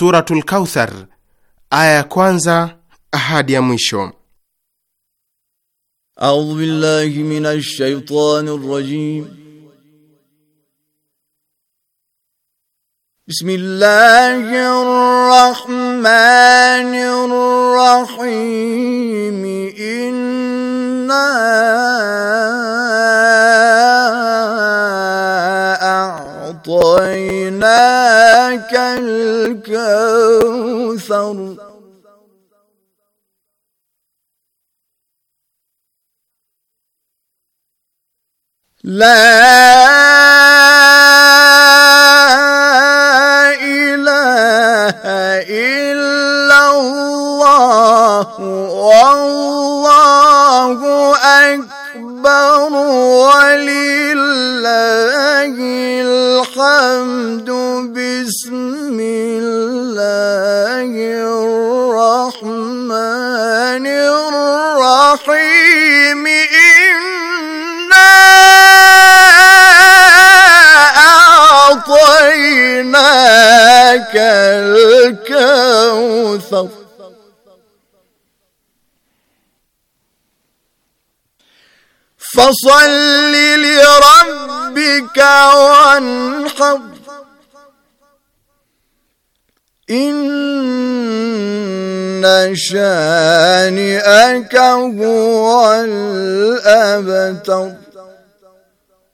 Suratul Kauthar aya ya kwanza hadi ya mwisho. A'udhu billahi minash shaitanir rajim. Bismillahir rahmanir rahim أتاك الكوثر لا إله إلا الله والله أكبر ولله الحمد بسم الله الرحمن الرحيم إنا أعطيناك الكوثر فصل لربك ربك وانحر إن شانئك هو الأبتر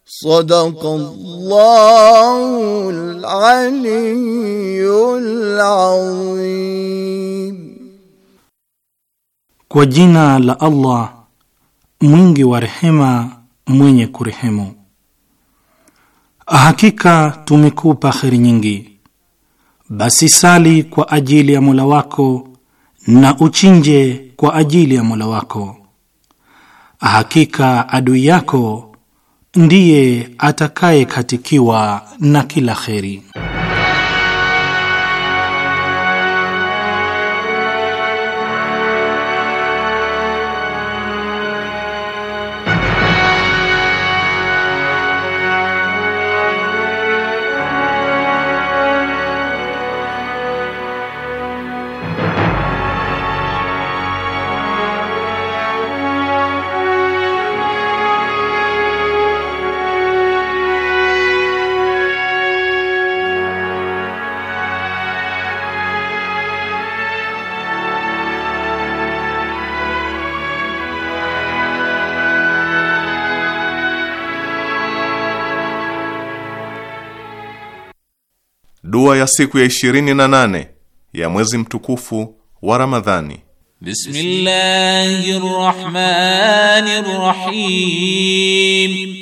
صدق الله العلي العظيم Kwa jina la Allah mwingi wa rehema mwenye kurehemu. Hakika tumekupa kheri nyingi, basi sali kwa ajili ya Mola wako na uchinje kwa ajili ya Mola wako. Hakika adui yako ndiye atakayekatikiwa na kila kheri. Dua ya siku ya ishirini na nane ya mwezi mtukufu wa Ramadhani. Bismillahirrahmanirrahim.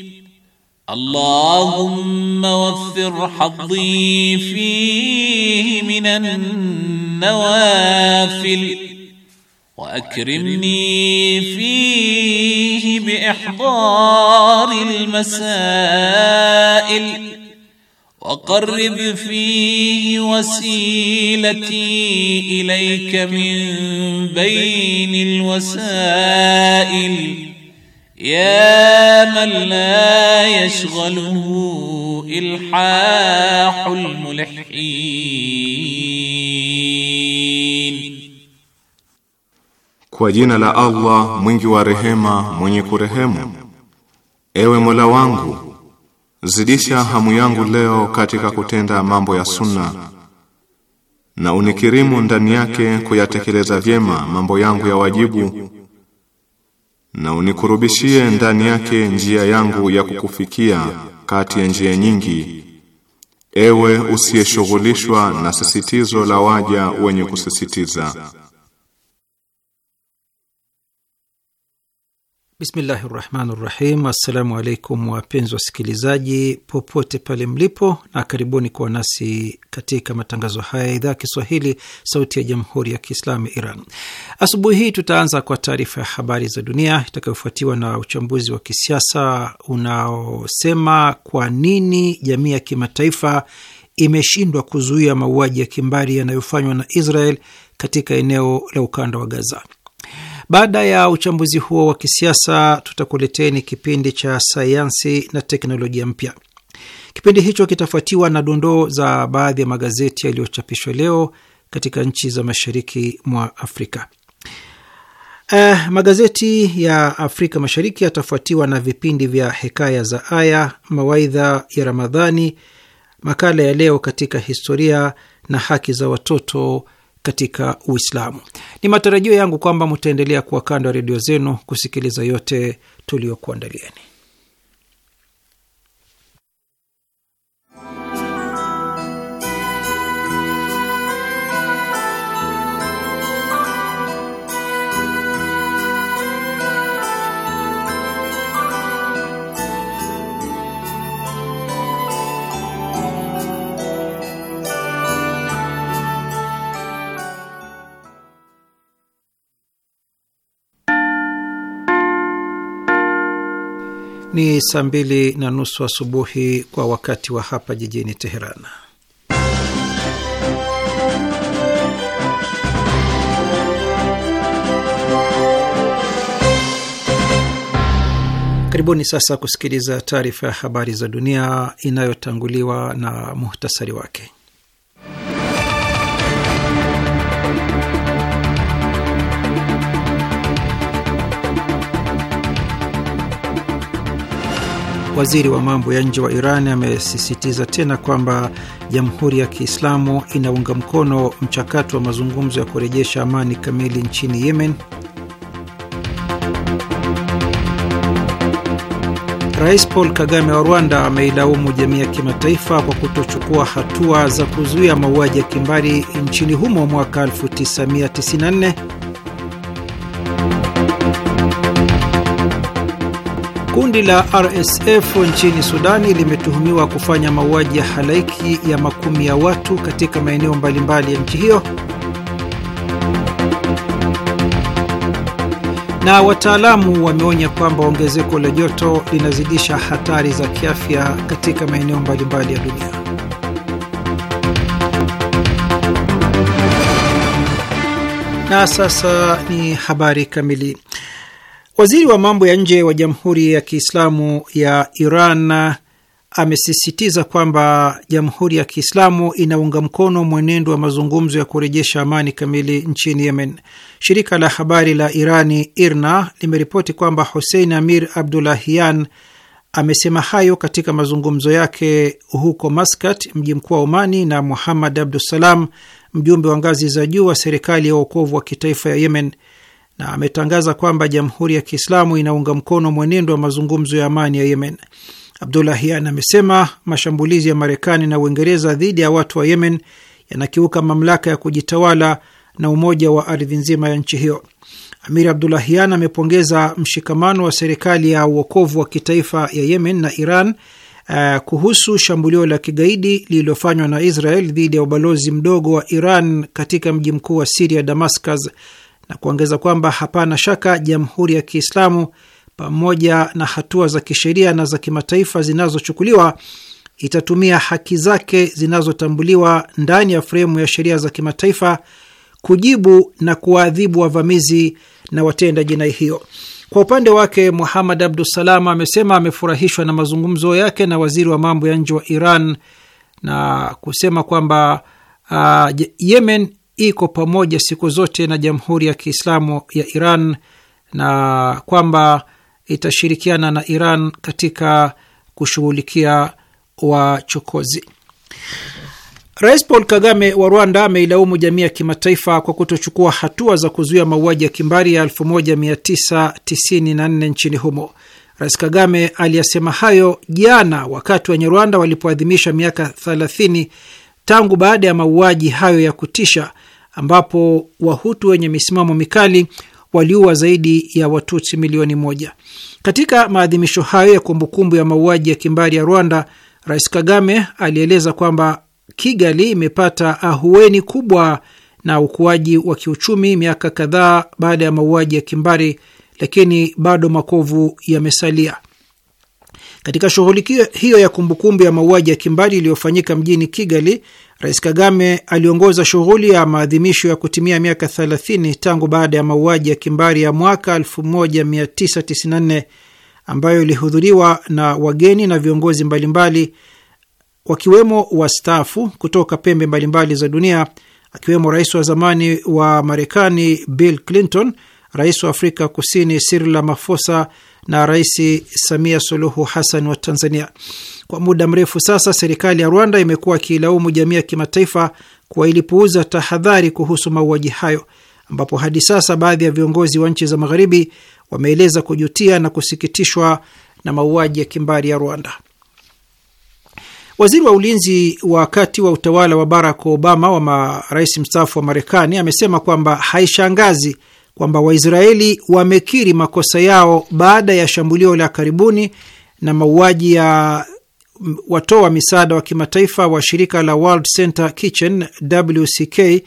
Allahumma waffir hadhi fihi minan nawafil wa akrimni fihi bi ihdari almasail وقرب فيه وسيلتي اليك من بين الوسائل يا من لا يشغله الحاح الملحين kwa jina la allah mwingi wa rehema mwenye kurehemu ewe mola wangu zidisha hamu yangu leo katika kutenda mambo ya sunna na unikirimu ndani yake kuyatekeleza vyema mambo yangu ya wajibu na unikurubishie ndani yake njia yangu ya kukufikia kati ya njia nyingi ewe usiyeshughulishwa na sisitizo la waja wenye kusisitiza Bismillahi rahmani rahim. Assalamu alaikum wapenzi wasikilizaji popote pale mlipo, na karibuni kuwa nasi katika matangazo haya ya idhaa ya Kiswahili sauti ya jamhuri ya Kiislamu Iran. Asubuhi hii tutaanza kwa taarifa ya habari za dunia itakayofuatiwa na uchambuzi wa kisiasa unaosema kwa nini jamii ya kimataifa imeshindwa kuzuia mauaji ya kimbari yanayofanywa na Israel katika eneo la ukanda wa Gaza. Baada ya uchambuzi huo wa kisiasa, tutakuleteni kipindi cha sayansi na teknolojia mpya. Kipindi hicho kitafuatiwa na dondoo za baadhi ya magazeti yaliyochapishwa leo katika nchi za mashariki mwa Afrika. Eh, magazeti ya Afrika Mashariki yatafuatiwa na vipindi vya Hekaya za Aya, Mawaidha ya Ramadhani, Makala ya Leo katika Historia na Haki za Watoto katika Uislamu. Ni matarajio yangu kwamba mtaendelea kuwa kando ya redio zenu kusikiliza yote tuliyokuandalieni. Ni saa mbili na nusu asubuhi kwa wakati wa hapa jijini Teheran. Karibuni sasa kusikiliza taarifa ya habari za dunia inayotanguliwa na muhtasari wake. Waziri wa mambo ya nje wa Iran amesisitiza tena kwamba Jamhuri ya Kiislamu inaunga mkono mchakato wa mazungumzo ya kurejesha amani kamili nchini Yemen. Rais Paul Kagame wa Rwanda ameilaumu jamii ya kimataifa kwa kutochukua hatua za kuzuia mauaji ya kimbari nchini humo mwaka 1994. Kundi la RSF nchini Sudani limetuhumiwa kufanya mauaji ya halaiki ya makumi ya watu katika maeneo mbalimbali ya nchi hiyo. Na wataalamu wameonya kwamba ongezeko la joto linazidisha hatari za kiafya katika maeneo mbalimbali ya dunia. Na sasa ni habari kamili. Waziri wa mambo ya nje wa Jamhuri ya Kiislamu ya Iran amesisitiza kwamba Jamhuri ya Kiislamu inaunga mkono mwenendo wa mazungumzo ya kurejesha amani kamili nchini Yemen. Shirika la habari la Irani IRNA limeripoti kwamba Hussein Amir Abdulahian amesema hayo katika mazungumzo yake huko Maskat, mji mkuu wa Omani, na Muhammad Abdusalam, mjumbe wa ngazi za juu wa serikali ya uokovu wa kitaifa ya Yemen na ametangaza kwamba Jamhuri ya Kiislamu inaunga mkono mwenendo wa mazungumzo ya amani ya Yemen. Abdulahian amesema mashambulizi ya Marekani na Uingereza dhidi ya watu wa Yemen yanakiuka mamlaka ya kujitawala na umoja wa ardhi nzima ya nchi hiyo. Amir Abdulahian amepongeza mshikamano wa serikali ya uokovu wa kitaifa ya Yemen na Iran uh, kuhusu shambulio la kigaidi lililofanywa na Israel dhidi ya ubalozi mdogo wa Iran katika mji mkuu wa Siria, Damascus, na kuongeza kwamba hapana shaka Jamhuri ya Kiislamu, pamoja na hatua za kisheria na za kimataifa zinazochukuliwa, itatumia haki zake zinazotambuliwa ndani ya fremu ya sheria za kimataifa kujibu na kuwaadhibu wavamizi na watenda jinai hiyo. Kwa upande wake, Muhamad Abdusalam amesema amefurahishwa na mazungumzo yake na waziri wa mambo ya nje wa Iran na kusema kwamba uh, Yemen iko pamoja siku zote na Jamhuri ya Kiislamu ya Iran na kwamba itashirikiana na Iran katika kushughulikia wachokozi. Rais Paul Kagame wa Rwanda ameilaumu jamii ya kimataifa kwa kutochukua hatua za kuzuia mauaji ya kimbari ya 1994 nchini humo. Rais Kagame aliyasema hayo jana wakati wenye Rwanda walipoadhimisha miaka 30 tangu baada ya mauaji hayo ya kutisha ambapo Wahutu wenye misimamo mikali waliua zaidi ya Watutsi milioni moja. Katika maadhimisho hayo ya kumbukumbu ya mauaji ya kimbari ya Rwanda, Rais Kagame alieleza kwamba Kigali imepata ahueni kubwa na ukuaji wa kiuchumi miaka kadhaa baada ya mauaji ya kimbari, lakini bado makovu yamesalia. Katika shughuli hiyo ya kumbukumbu ya mauaji ya kimbari iliyofanyika mjini Kigali, Rais Kagame aliongoza shughuli ya maadhimisho ya kutimia miaka 30 tangu baada ya mauaji ya kimbari ya mwaka 1994 ambayo ilihudhuriwa na wageni na viongozi mbalimbali wakiwemo wastaafu kutoka pembe mbalimbali za dunia akiwemo rais wa zamani wa Marekani Bill Clinton, rais wa Afrika Kusini Cyril Ramaphosa na Rais Samia Suluhu Hassan wa Tanzania. Kwa muda mrefu sasa, serikali ya Rwanda imekuwa akiilaumu jamii ya kimataifa kuwa ilipuuza tahadhari kuhusu mauaji hayo, ambapo hadi sasa baadhi ya viongozi wa nchi za magharibi wameeleza kujutia na kusikitishwa na mauaji ya kimbari ya Rwanda. Waziri wa ulinzi wakati wa utawala wa Barack Obama wa marais mstaafu wa Marekani amesema kwamba haishangazi kwamba Waisraeli wamekiri makosa yao baada ya shambulio la karibuni na mauaji ya watoa misaada wa kimataifa wa shirika la World Center Kitchen WCK,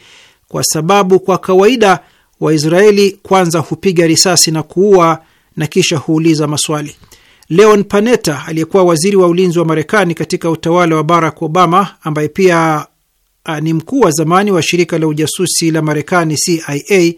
kwa sababu kwa kawaida Waisraeli kwanza hupiga risasi na kuua na kisha huuliza maswali. Leon Panetta aliyekuwa waziri wa ulinzi wa Marekani katika utawala wa Barack Obama, ambaye pia ah, ni mkuu wa zamani wa shirika la ujasusi la Marekani CIA,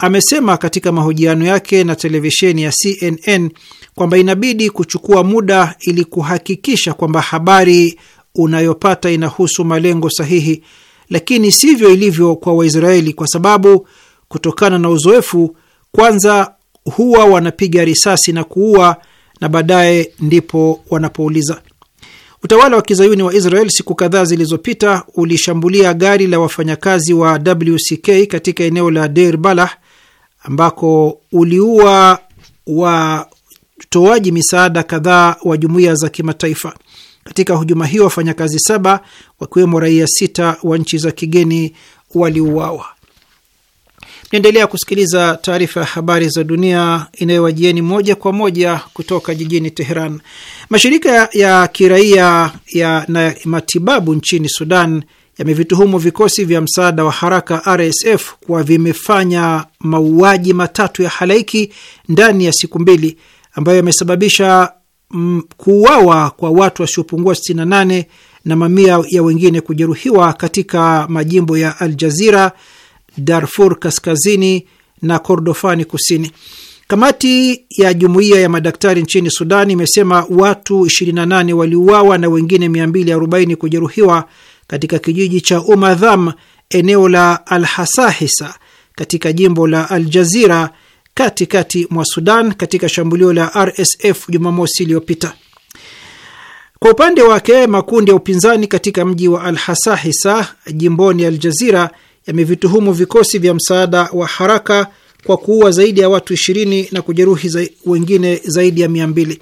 amesema katika mahojiano yake na televisheni ya CNN kwamba inabidi kuchukua muda ili kuhakikisha kwamba habari unayopata inahusu malengo sahihi, lakini sivyo ilivyo kwa Waisraeli, kwa sababu kutokana na uzoefu, kwanza huwa wanapiga risasi na kuua na baadaye ndipo wanapouliza. Utawala wa kizayuni wa Israel siku kadhaa zilizopita ulishambulia gari la wafanyakazi wa WCK katika eneo la Deir Balah ambako uliua watoaji misaada kadhaa wa jumuiya za kimataifa. Katika hujuma hiyo, wafanyakazi saba wakiwemo raia sita wa nchi za kigeni waliuawa. Naendelea kusikiliza taarifa ya habari za dunia inayowajieni moja kwa moja kutoka jijini Teheran. Mashirika ya kiraia ya na matibabu nchini Sudan yamevituhumu vikosi vya msaada wa haraka RSF kuwa vimefanya mauaji matatu ya halaiki ndani ya siku mbili ambayo yamesababisha mm, kuuawa kwa watu wasiopungua 68 na mamia ya wengine kujeruhiwa katika majimbo ya Aljazira, Darfur kaskazini na Kordofani kusini. Kamati ya jumuiya ya madaktari nchini Sudan imesema watu 28 waliuawa na wengine 240 kujeruhiwa katika kijiji cha Umadham, eneo la Alhasahisa katika jimbo la Aljazira katikati mwa Sudan, katika shambulio la RSF Jumamosi iliyopita. Kwa upande wake, makundi ya upinzani katika mji wa Alhasahisa jimboni Aljazira yamevituhumu vikosi vya msaada wa haraka kwa kuua zaidi ya watu 20 na kujeruhi za wengine zaidi ya 200.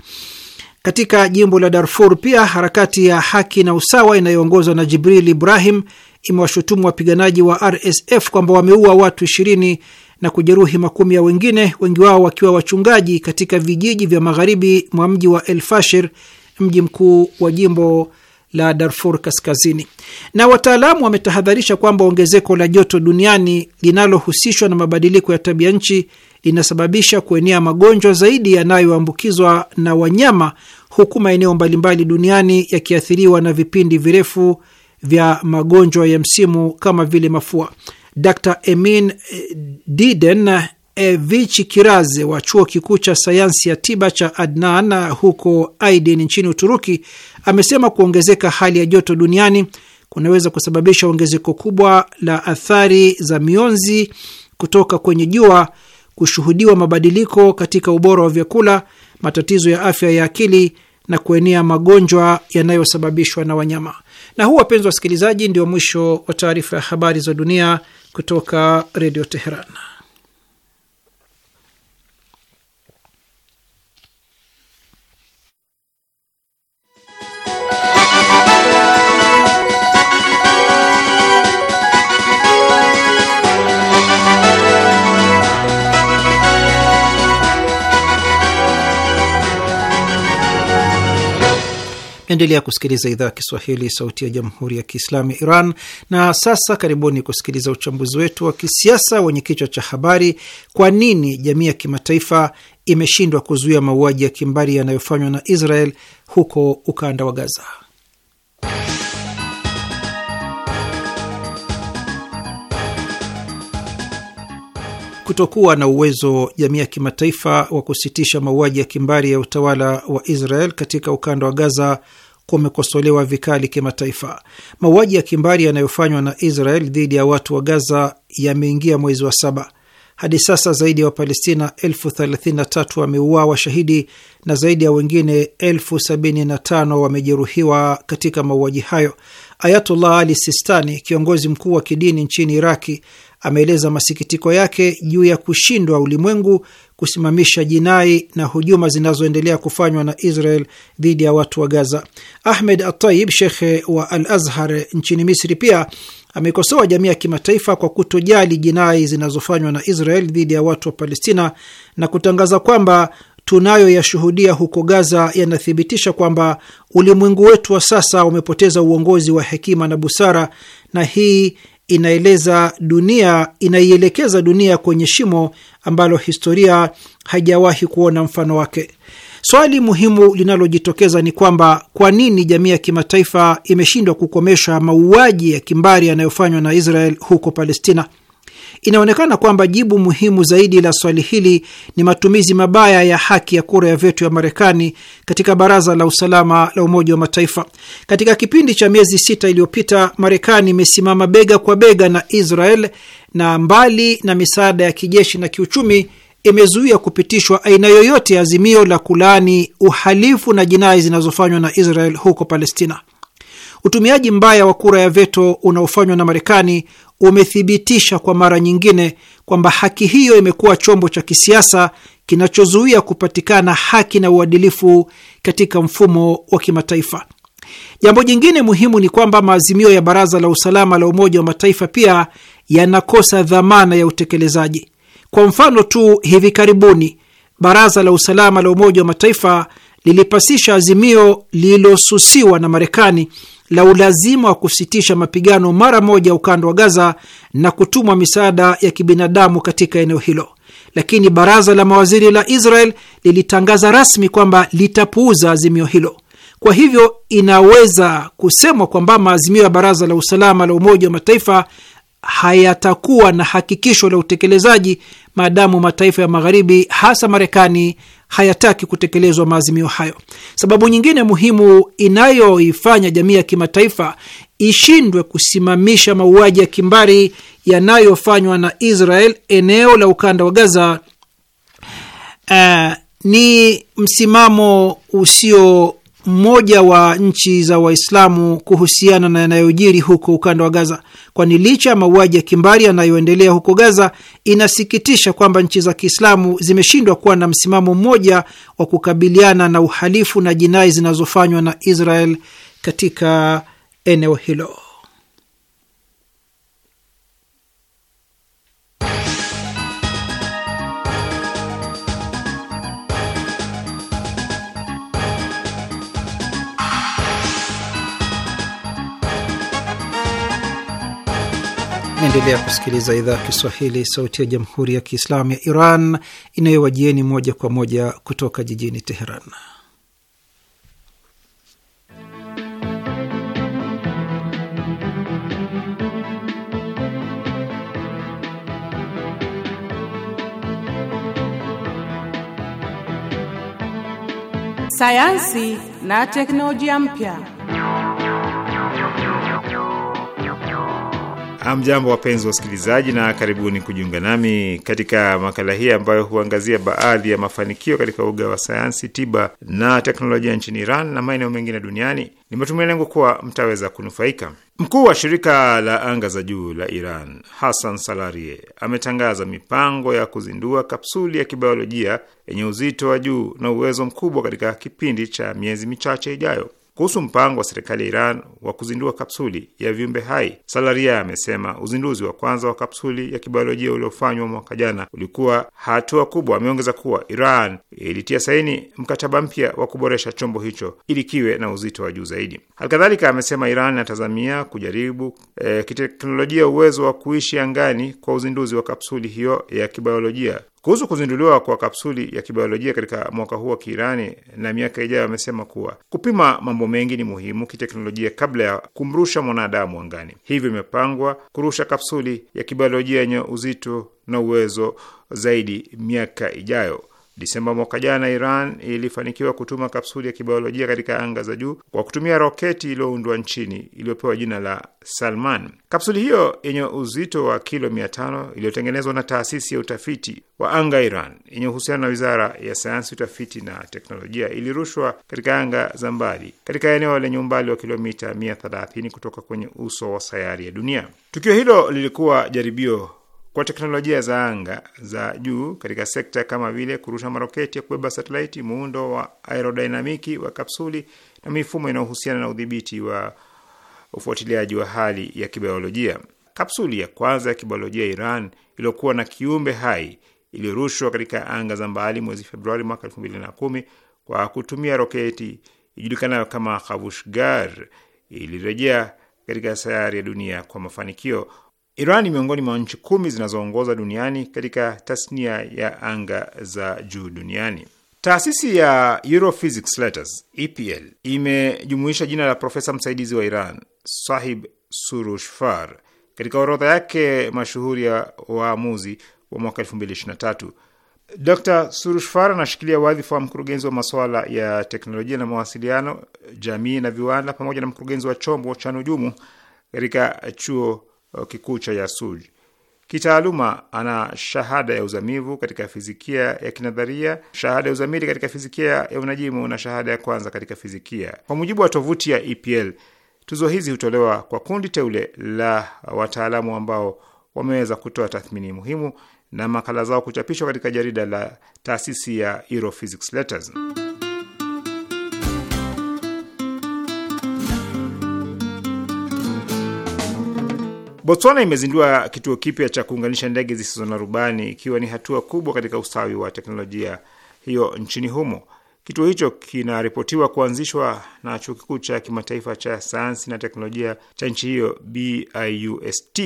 Katika jimbo la Darfur pia harakati ya haki na usawa inayoongozwa na Jibril Ibrahim imewashutumu wapiganaji wa RSF kwamba wameua watu ishirini na kujeruhi makumi ya wengine, wengi wao wakiwa wachungaji katika vijiji vya magharibi mwa mji wa El Fasher, mji mkuu wa jimbo la Darfur Kaskazini. Na wataalamu wametahadharisha kwamba ongezeko la joto duniani linalohusishwa na mabadiliko ya tabia nchi inasababisha kuenea magonjwa zaidi yanayoambukizwa na wanyama, huku maeneo mbalimbali duniani yakiathiriwa na vipindi virefu vya magonjwa ya msimu kama vile mafua. Dr Emin eh, Diden Evichi eh, Kiraze wa chuo kikuu cha sayansi ya tiba cha Adnan eh, huko Aidin nchini Uturuki amesema kuongezeka hali ya joto duniani kunaweza kusababisha ongezeko kubwa la athari za mionzi kutoka kwenye jua kushuhudiwa mabadiliko katika ubora wa vyakula, matatizo ya afya ya akili na kuenea magonjwa yanayosababishwa na wanyama. Na huu, wapenzi wasikilizaji, ndio mwisho wa taarifa ya habari za dunia kutoka Redio Teheran. Naendelea kusikiliza idhaa ya Kiswahili, sauti ya jamhuri ya kiislamu ya Iran. Na sasa karibuni kusikiliza uchambuzi wetu wa kisiasa wenye kichwa cha habari, kwa nini jamii ya kimataifa imeshindwa kuzuia mauaji ya kimbari yanayofanywa na Israel huko ukanda wa Gaza. kutokuwa na uwezo jamii ya kimataifa wa kusitisha mauaji ya kimbari ya utawala wa Israel katika ukanda wa Gaza kumekosolewa vikali kimataifa. Mauaji ya kimbari yanayofanywa na Israel dhidi ya watu wa Gaza yameingia mwezi wa saba. Hadi sasa zaidi ya wa Wapalestina elfu thelathini na tatu wameuawa washahidi na zaidi ya wengine elfu sabini na tano wamejeruhiwa katika mauaji hayo. Ayatullah Ali Sistani, kiongozi mkuu wa kidini nchini Iraki, ameeleza masikitiko yake juu ya kushindwa ulimwengu kusimamisha jinai na hujuma zinazoendelea kufanywa na Israel dhidi ya watu wa Gaza. Ahmed Atayib, shekhe wa Al Azhar nchini Misri, pia amekosoa jamii ya kimataifa kwa kutojali jinai zinazofanywa na Israel dhidi ya watu wa Palestina na kutangaza kwamba tunayoyashuhudia huko Gaza yanathibitisha kwamba ulimwengu wetu wa sasa umepoteza uongozi wa hekima na busara, na hii inaeleza dunia, inaielekeza dunia kwenye shimo ambalo historia haijawahi kuona mfano wake. Swali muhimu linalojitokeza ni kwamba kwa nini jamii ya kimataifa imeshindwa kukomesha mauaji ya kimbari yanayofanywa na Israel huko Palestina? Inaonekana kwamba jibu muhimu zaidi la swali hili ni matumizi mabaya ya haki ya kura ya veto ya Marekani katika Baraza la Usalama la Umoja wa Mataifa. Katika kipindi cha miezi sita iliyopita, Marekani imesimama bega kwa bega na Israel na mbali na misaada ya kijeshi na kiuchumi imezuia kupitishwa aina yoyote ya azimio la kulaani uhalifu na jinai zinazofanywa na Israel huko Palestina. Utumiaji mbaya wa kura ya veto unaofanywa na Marekani umethibitisha kwa mara nyingine kwamba haki hiyo imekuwa chombo cha kisiasa kinachozuia kupatikana haki na uadilifu katika mfumo wa kimataifa. Jambo jingine muhimu ni kwamba maazimio ya Baraza la Usalama la Umoja wa Mataifa pia yanakosa dhamana ya utekelezaji. Kwa mfano tu, hivi karibuni Baraza la Usalama la Umoja wa Mataifa lilipasisha azimio lililosusiwa na Marekani la ulazima wa kusitisha mapigano mara moja ukanda wa Gaza na kutumwa misaada ya kibinadamu katika eneo hilo, lakini baraza la mawaziri la Israel lilitangaza rasmi kwamba litapuuza azimio hilo. Kwa hivyo inaweza kusemwa kwamba maazimio ya Baraza la Usalama la Umoja wa Mataifa hayatakuwa na hakikisho la utekelezaji maadamu mataifa ya Magharibi, hasa Marekani, hayataki kutekelezwa maazimio hayo. Sababu nyingine muhimu inayoifanya jamii ya kimataifa ishindwe kusimamisha mauaji ya kimbari yanayofanywa na Israel eneo la ukanda wa Gaza uh, ni msimamo usio mmoja wa nchi za Waislamu kuhusiana na yanayojiri huko ukanda wa Gaza, kwani licha ya mauaji ya kimbari yanayoendelea huko Gaza, inasikitisha kwamba nchi za Kiislamu zimeshindwa kuwa na msimamo mmoja wa kukabiliana na uhalifu na jinai zinazofanywa na Israel katika eneo hilo. Naendelea kusikiliza idhaa ya Kiswahili, sauti ya jamhuri ya kiislamu ya Iran inayowajieni moja kwa moja kutoka jijini Teheran. Sayansi na teknolojia mpya. Hamjambo, wapenzi wa usikilizaji, na karibuni kujiunga nami katika makala hii ambayo huangazia baadhi ya mafanikio katika uga wa sayansi, tiba na teknolojia nchini Iran na maeneo mengine duniani. Ni matumaini yangu kuwa mtaweza kunufaika. Mkuu wa shirika la anga za juu la Iran Hassan Salarie ametangaza mipango ya kuzindua kapsuli ya kibiolojia yenye uzito wa juu na uwezo mkubwa katika kipindi cha miezi michache ijayo. Kuhusu mpango wa serikali ya Iran wa kuzindua kapsuli ya viumbe hai, Salaria amesema uzinduzi wa kwanza wa kapsuli ya kibiolojia uliofanywa mwaka jana ulikuwa hatua kubwa. Ameongeza kuwa Iran ilitia saini mkataba mpya wa kuboresha chombo hicho ili kiwe na uzito wa juu zaidi. Halikadhalika amesema Iran inatazamia kujaribu e, kiteknolojia uwezo wa kuishi angani kwa uzinduzi wa kapsuli hiyo ya kibiolojia kuhusu kuzinduliwa kwa kapsuli ya kibiolojia katika mwaka huu wa Kiirani na miaka ijayo, amesema kuwa kupima mambo mengi ni muhimu kiteknolojia kabla ya kumrusha mwanadamu angani. Hivyo imepangwa kurusha kapsuli ya kibiolojia yenye uzito na uwezo zaidi miaka ijayo. Disemba mwaka jana, Iran ilifanikiwa kutuma kapsuli ya kibiolojia katika anga za juu kwa kutumia roketi iliyoundwa nchini iliyopewa jina la Salman. Kapsuli hiyo yenye uzito wa kilo 500 iliyotengenezwa na taasisi ya utafiti wa anga Iran yenye uhusiano na wizara ya sayansi, utafiti na teknolojia ilirushwa katika anga za mbali katika eneo lenye umbali wa kilomita 130 kutoka kwenye uso wa sayari ya dunia. Tukio hilo lilikuwa jaribio kwa teknolojia za anga za juu katika sekta kama vile kurusha maroketi ya kubeba satelaiti, muundo wa aerodinamiki wa kapsuli na mifumo inayohusiana na udhibiti wa ufuatiliaji wa hali ya kibiolojia. Kapsuli ya kwanza ya kibiolojia ya Iran iliyokuwa na kiumbe hai iliyorushwa katika anga za mbali mwezi Februari mwaka elfu mbili na kumi kwa kutumia roketi ijulikanayo kama Kavushgar ilirejea katika sayari ya dunia kwa mafanikio. Iran ni miongoni mwa nchi kumi zinazoongoza duniani katika tasnia ya anga za juu duniani. Taasisi ya Europhysics Letters EPL imejumuisha jina la profesa msaidizi wa Iran Sahib Surushfar katika orodha yake mashuhuri ya waamuzi wa mwaka 2023. Dr Surushfar anashikilia wadhifa wa mkurugenzi wa masuala ya teknolojia na mawasiliano, jamii na viwanda, pamoja na mkurugenzi wa chombo cha nujumu katika chuo Eh, kikuu cha Yasuj. Kitaaluma ana shahada ya uzamivu katika fizikia ya kinadharia, shahada ya uzamili katika fizikia ya unajimu na shahada ya kwanza katika fizikia. Kwa mujibu wa tovuti ya EPL, tuzo hizi hutolewa kwa kundi teule la wataalamu ambao wameweza kutoa tathmini muhimu na makala zao kuchapishwa katika jarida la taasisi ya Europhysics Letters. Botswana imezindua kituo kipya cha kuunganisha ndege zisizo na rubani ikiwa ni hatua kubwa katika ustawi wa teknolojia hiyo nchini humo. Kituo hicho kinaripotiwa kuanzishwa na chuo kikuu cha kimataifa cha sayansi na teknolojia cha nchi hiyo BIUST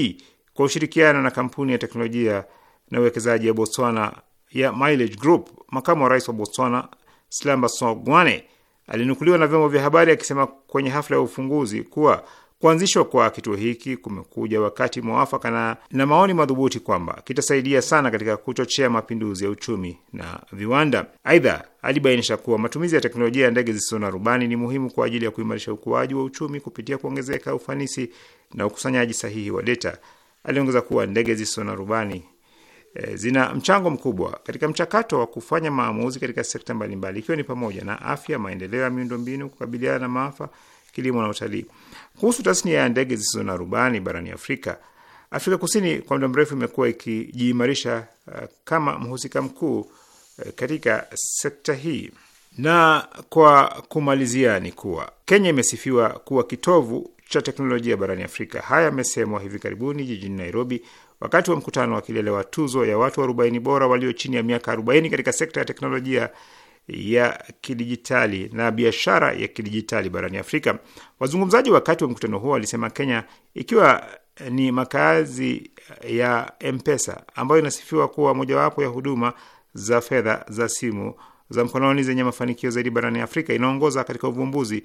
kwa ushirikiano na kampuni ya teknolojia na uwekezaji ya Botswana ya Mileage Group. Makamu wa rais wa Botswana Slamba Sogwane alinukuliwa na vyombo vya habari akisema kwenye hafla ya ufunguzi kuwa Kuanzishwa kwa kituo hiki kumekuja wakati mwafaka na, na maoni madhubuti kwamba kitasaidia sana katika kuchochea mapinduzi ya uchumi na viwanda. Aidha, alibainisha kuwa matumizi ya teknolojia ya ndege zisizo na rubani ni muhimu kwa ajili ya kuimarisha ukuaji wa uchumi kupitia kuongezeka ufanisi na ukusanyaji sahihi wa data. Aliongeza kuwa ndege zisizo na rubani e, zina mchango mkubwa katika mchakato wa kufanya maamuzi katika sekta mbalimbali, ikiwa ni pamoja na afya, maendeleo ya miundombinu, kukabiliana na maafa kilimo na utalii. Kuhusu tasnia ya ndege zisizo na rubani barani Afrika, Afrika Kusini kwa muda mrefu imekuwa ikijiimarisha uh, kama mhusika mkuu uh, katika sekta hii. Na kwa kumalizia ni kuwa Kenya imesifiwa kuwa kitovu cha teknolojia barani Afrika. Haya yamesemwa hivi karibuni jijini Nairobi wakati wa mkutano wa kilele wa tuzo ya watu 40 bora walio chini ya miaka 40 katika sekta ya teknolojia ya kidijitali na biashara ya kidijitali barani Afrika. Wazungumzaji wakati wa mkutano huo walisema Kenya ikiwa ni makazi ya M-Pesa ambayo inasifiwa kuwa mojawapo ya huduma za fedha za simu za mkononi zenye mafanikio zaidi barani Afrika, inaongoza katika uvumbuzi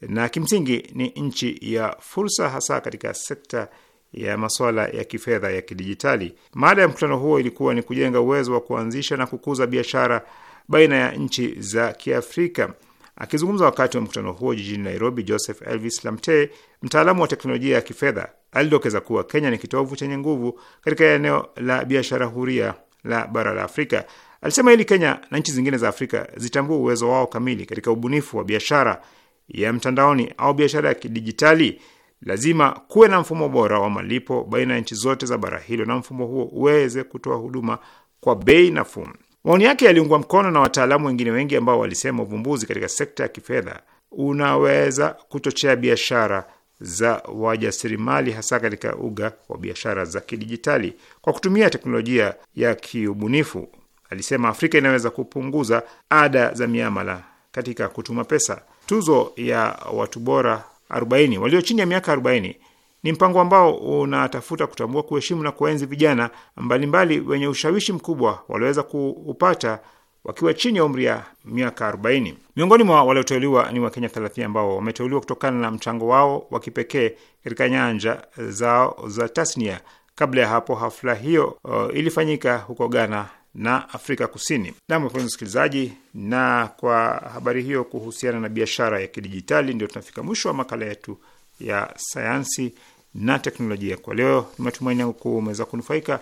na kimsingi ni nchi ya fursa, hasa katika sekta ya masuala ya kifedha ya kidijitali. Mada ya mkutano huo ilikuwa ni kujenga uwezo wa kuanzisha na kukuza biashara baina ya nchi za Kiafrika. Akizungumza wakati wa mkutano huo jijini Nairobi, Joseph Elvis Lamte, mtaalamu wa teknolojia ya kifedha, alidokeza kuwa Kenya ni kitovu chenye nguvu katika eneo la biashara huria la bara la Afrika. Alisema ili Kenya na nchi zingine za Afrika zitambue uwezo wao kamili katika ubunifu wa biashara ya mtandaoni au biashara ya kidijitali, lazima kuwe na mfumo bora wa malipo baina ya nchi zote za bara hilo, na mfumo huo uweze kutoa huduma kwa bei nafuu. Maoni yake yaliungwa mkono na wataalamu wengine wengi ambao walisema uvumbuzi katika sekta ya kifedha unaweza kuchochea biashara za wajasirimali hasa katika uga wa biashara za kidijitali kwa kutumia teknolojia ya kiubunifu. Alisema Afrika inaweza kupunguza ada za miamala katika kutuma pesa. Tuzo ya watu bora 40 walio chini ya miaka 40 ni mpango ambao unatafuta kutambua, kuheshimu na kuenzi vijana mbalimbali wenye ushawishi mkubwa walioweza kuupata wakiwa chini ya umri ya miaka 40. Miongoni mwa walioteuliwa ni Wakenya 30 ambao wameteuliwa kutokana na mchango wao wa kipekee katika nyanja zao za tasnia. Kabla ya hapo, hafla hiyo uh, ilifanyika huko Ghana na Afrika Kusini. Nam, wapenzi msikilizaji, na kwa habari hiyo kuhusiana na biashara ya kidijitali, ndio tunafika mwisho wa makala yetu ya sayansi na teknolojia. Kwa leo ni matumaini yangu kuwa umeweza kunufaika,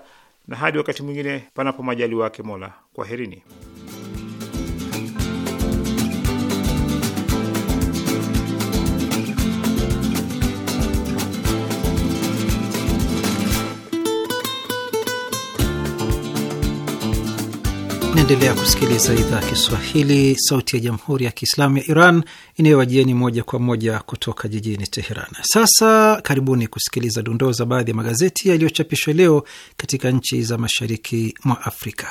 na hadi wakati mwingine, panapo majali wake Mola, kwaherini. Naendelea kusikiliza idhaa Kiswahili sauti ya jamhuri ya kiislamu ya Iran inayowajieni moja kwa moja kutoka jijini Teheran. Sasa karibuni kusikiliza dondoo za baadhi ya magazeti ya magazeti yaliyochapishwa leo katika nchi za mashariki mwa Afrika.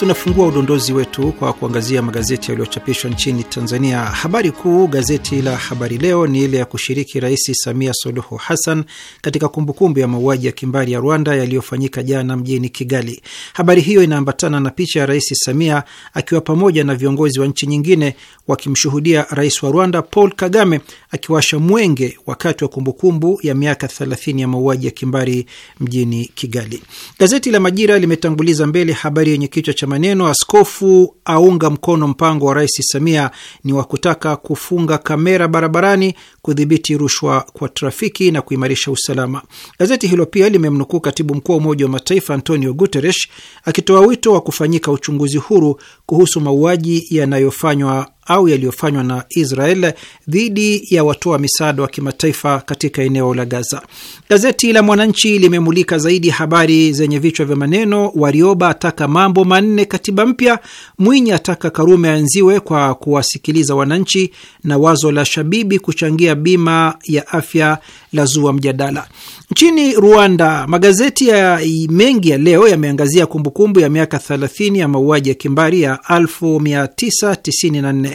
Tunafungua udondozi wetu kwa kuangazia magazeti yaliyochapishwa nchini Tanzania. Habari kuu gazeti la Habari Leo ni ile ya kushiriki Rais Samia Suluhu Hassan katika kumbukumbu ya mauaji ya kimbari ya Rwanda yaliyofanyika jana mjini Kigali. Habari hiyo inaambatana na picha ya Rais Samia akiwa pamoja na viongozi wa nchi nyingine wakimshuhudia rais wa Rwanda Paul Kagame akiwasha mwenge wakati wa kumbukumbu ya miaka 30 ya mauaji ya kimbari mjini Kigali. Gazeti la Majira limetanguliza mbele habari yenye kichwa cha maneno askofu aunga mkono mpango wa Rais Samia ni wa kutaka kufunga kamera barabarani kudhibiti rushwa kwa trafiki na kuimarisha usalama. Gazeti hilo pia limemnukuu katibu mkuu wa Umoja wa Mataifa Antonio Guterres akitoa wito wa kufanyika uchunguzi huru kuhusu mauaji yanayofanywa au yaliyofanywa na Israel dhidi ya watoa misaada wa kimataifa katika eneo la Gaza. Gazeti la Mwananchi limemulika zaidi habari zenye vichwa vya maneno: Warioba ataka mambo manne katiba mpya, Mwinyi ataka Karume anziwe kwa kuwasikiliza wananchi, na wazo la Shabibi kuchangia ya bima ya afya la zua mjadala. Nchini Rwanda, magazeti ya mengi ya leo yameangazia kumbukumbu ya miaka 30 ya mauaji ya kimbari ya 1994.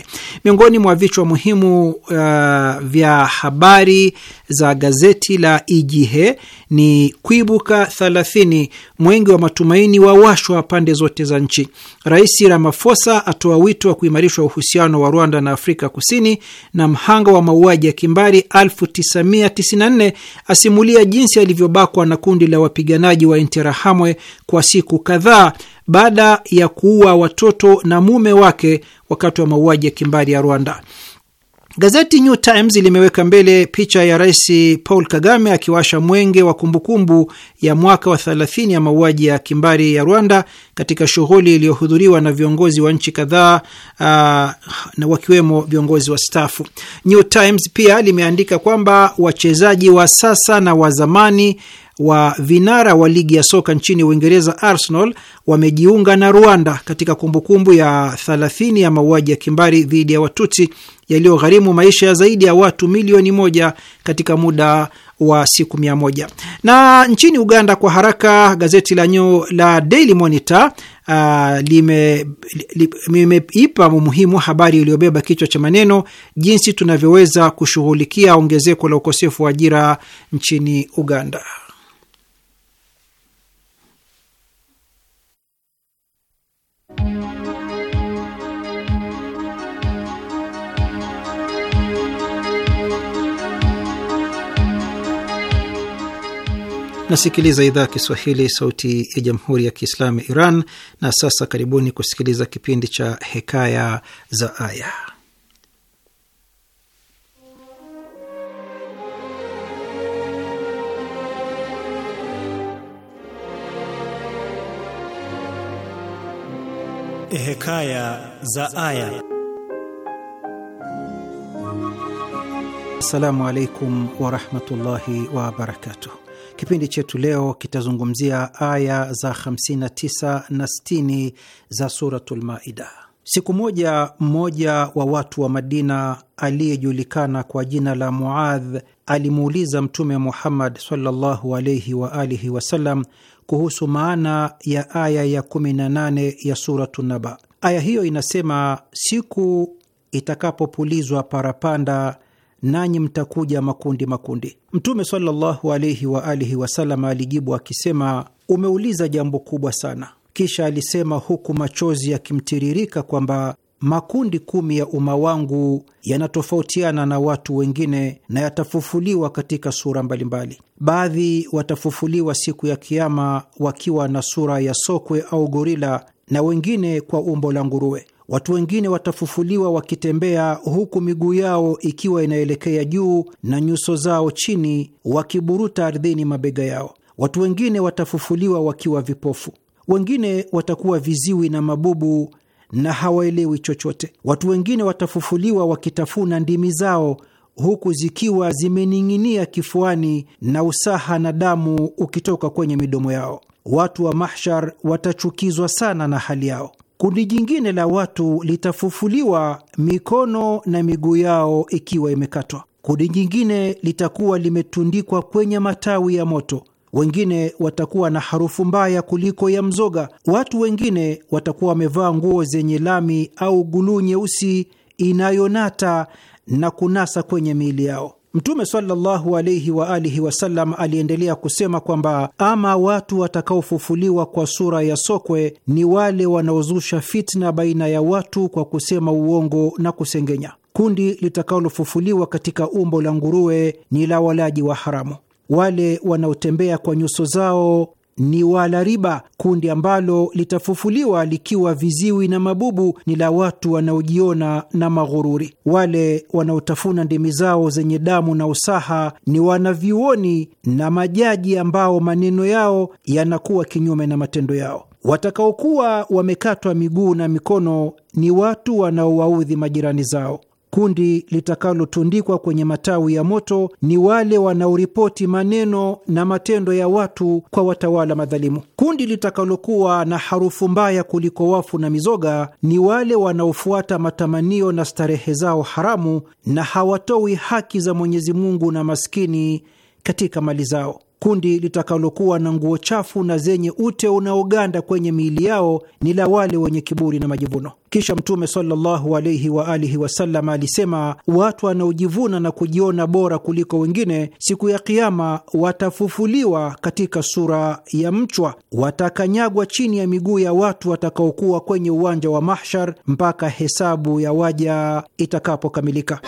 Miongoni mwa vichwa muhimu uh, vya habari za gazeti la Igihe ni kuibuka 30, mwengi wa matumaini wawashwa pande zote za nchi. Rais Ramaphosa atoa wito wa kuimarishwa uhusiano wa Rwanda na Afrika Kusini, na mhanga wa mauaji ya kimbari 1994 2014 asimulia jinsi alivyobakwa na kundi la wapiganaji wa Interahamwe kwa siku kadhaa baada ya kuua watoto na mume wake wakati wa mauaji ya kimbari ya Rwanda. Gazeti New Times limeweka mbele picha ya Rais Paul Kagame akiwasha mwenge wa kumbukumbu ya mwaka wa 30 ya mauaji ya kimbari ya Rwanda katika shughuli iliyohudhuriwa na viongozi wa nchi kadhaa ah, na wakiwemo viongozi wa stafu. New Times pia limeandika kwamba wachezaji wa sasa na wa zamani wa vinara wa ligi ya soka nchini Uingereza, Arsenal, wamejiunga na Rwanda katika kumbukumbu ya 30 ya mauaji ya kimbari dhidi ya Watuti yaliyogharimu maisha ya zaidi ya watu milioni moja katika muda wa siku mia moja. Na nchini Uganda, kwa haraka, gazeti la nyu la Daily Monitor uh, limeipa lime, umuhimu habari iliyobeba kichwa cha maneno jinsi tunavyoweza kushughulikia ongezeko la ukosefu wa ajira nchini Uganda. Nasikiliza idhaa ya Kiswahili, sauti ya jamhuri ya kiislamu ya Iran. Na sasa karibuni kusikiliza kipindi cha Hekaya za Aya. Hekaya za Aya. Assalamu alaikum warahmatullahi wabarakatuh. Kipindi chetu leo kitazungumzia aya za 59 na 60 za Suratul Maida. Siku moja mmoja wa watu wa Madina aliyejulikana kwa jina la Muadh alimuuliza Mtume Muhammad sallallahu alaihi wa alihi wasallam kuhusu maana ya aya ya 18 ya Suratu Naba. Aya hiyo inasema, siku itakapopulizwa parapanda nanyi mtakuja makundi makundi. Mtume sallallahu alaihi wa alihi wasallam alijibu akisema, umeuliza jambo kubwa sana. Kisha alisema huku machozi yakimtiririka kwamba makundi kumi ya umma wangu yanatofautiana na watu wengine na yatafufuliwa katika sura mbalimbali. Baadhi watafufuliwa siku ya Kiama wakiwa na sura ya sokwe au gorila na wengine kwa umbo la nguruwe. Watu wengine watafufuliwa wakitembea huku miguu yao ikiwa inaelekea juu na nyuso zao chini, wakiburuta ardhini mabega yao. Watu wengine watafufuliwa wakiwa vipofu, wengine watakuwa viziwi na mabubu na hawaelewi chochote. Watu wengine watafufuliwa wakitafuna ndimi zao huku zikiwa zimening'inia kifuani na usaha na damu ukitoka kwenye midomo yao watu wa mahshar watachukizwa sana na hali yao. Kundi jingine la watu litafufuliwa mikono na miguu yao ikiwa imekatwa. Kundi jingine litakuwa limetundikwa kwenye matawi ya moto. Wengine watakuwa na harufu mbaya kuliko ya mzoga. Watu wengine watakuwa wamevaa nguo zenye lami au guluu nyeusi inayonata na kunasa kwenye miili yao. Mtume sallallahu alaihi wa alihi wasallam aliendelea kusema kwamba ama watu watakaofufuliwa kwa sura ya sokwe ni wale wanaozusha fitna baina ya watu kwa kusema uongo na kusengenya. Kundi litakalofufuliwa katika umbo la nguruwe ni la walaji wa haramu, wale wanaotembea kwa nyuso zao ni wala riba. Kundi ambalo litafufuliwa likiwa viziwi na mabubu ni la watu wanaojiona na maghururi. Wale wanaotafuna ndimi zao zenye damu na usaha ni wanavyuoni na majaji ambao maneno yao yanakuwa kinyume na matendo yao. Watakaokuwa wamekatwa miguu na mikono ni watu wanaowaudhi majirani zao. Kundi litakalotundikwa kwenye matawi ya moto ni wale wanaoripoti maneno na matendo ya watu kwa watawala madhalimu. Kundi litakalokuwa na harufu mbaya kuliko wafu na mizoga ni wale wanaofuata matamanio na starehe zao haramu na hawatoi haki za Mwenyezi Mungu na maskini katika mali zao. Kundi litakalokuwa na nguo chafu na zenye ute unaoganda kwenye miili yao ni la wale wenye kiburi na majivuno. Kisha Mtume sallallahu alaihi wa alihi wasallam alisema, watu wanaojivuna na kujiona bora kuliko wengine siku ya Kiama watafufuliwa katika sura ya mchwa, watakanyagwa chini ya miguu ya watu watakaokuwa kwenye uwanja wa Mahshar mpaka hesabu ya waja itakapokamilika.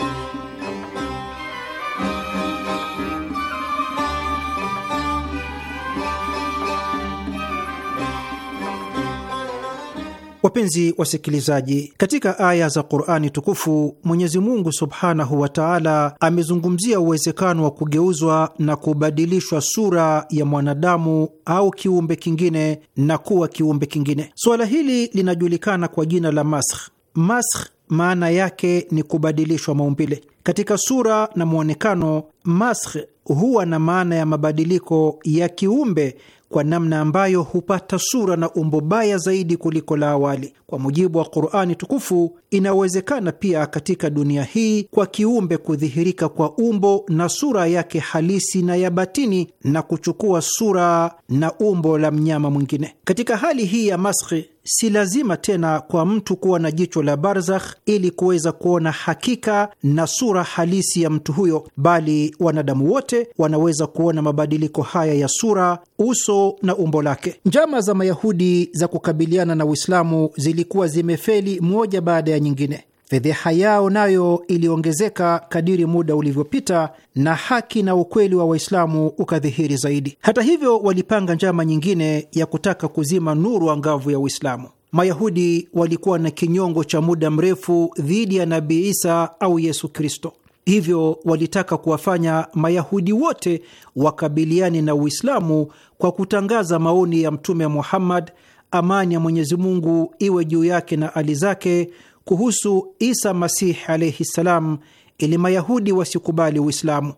Wapenzi wasikilizaji, katika aya za Qurani tukufu Mwenyezi Mungu subhanahu wa taala amezungumzia uwezekano wa kugeuzwa na kubadilishwa sura ya mwanadamu au kiumbe kingine na kuwa kiumbe kingine. Suala hili linajulikana kwa jina la maskh. Maskh maana yake ni kubadilishwa maumbile katika sura na mwonekano. Maskh huwa na maana ya mabadiliko ya kiumbe kwa namna ambayo hupata sura na umbo baya zaidi kuliko la awali. Kwa mujibu wa Qur'ani tukufu, inawezekana pia katika dunia hii kwa kiumbe kudhihirika kwa umbo na sura yake halisi na ya batini na kuchukua sura na umbo la mnyama mwingine. Katika hali hii ya maskhi, si lazima tena kwa mtu kuwa na jicho la barzakh ili kuweza kuona hakika na sura halisi ya mtu huyo, bali wanadamu wote wanaweza kuona mabadiliko haya ya sura, uso na umbo lake. Njama za Mayahudi za kukabiliana na Uislamu zilikuwa zimefeli moja baada ya nyingine. Fedheha yao nayo iliongezeka kadiri muda ulivyopita na haki na ukweli wa Waislamu ukadhihiri zaidi. Hata hivyo, walipanga njama nyingine ya kutaka kuzima nuru angavu ya Uislamu. Mayahudi walikuwa na kinyongo cha muda mrefu dhidi ya Nabii Isa au Yesu Kristo. Hivyo walitaka kuwafanya Mayahudi wote wakabiliane na Uislamu kwa kutangaza maoni ya Mtume Muhammad, amani ya Mwenyezi Mungu iwe juu yake na ali zake, kuhusu Isa Masihi alaihi ssalam, ili Mayahudi wasikubali Uislamu.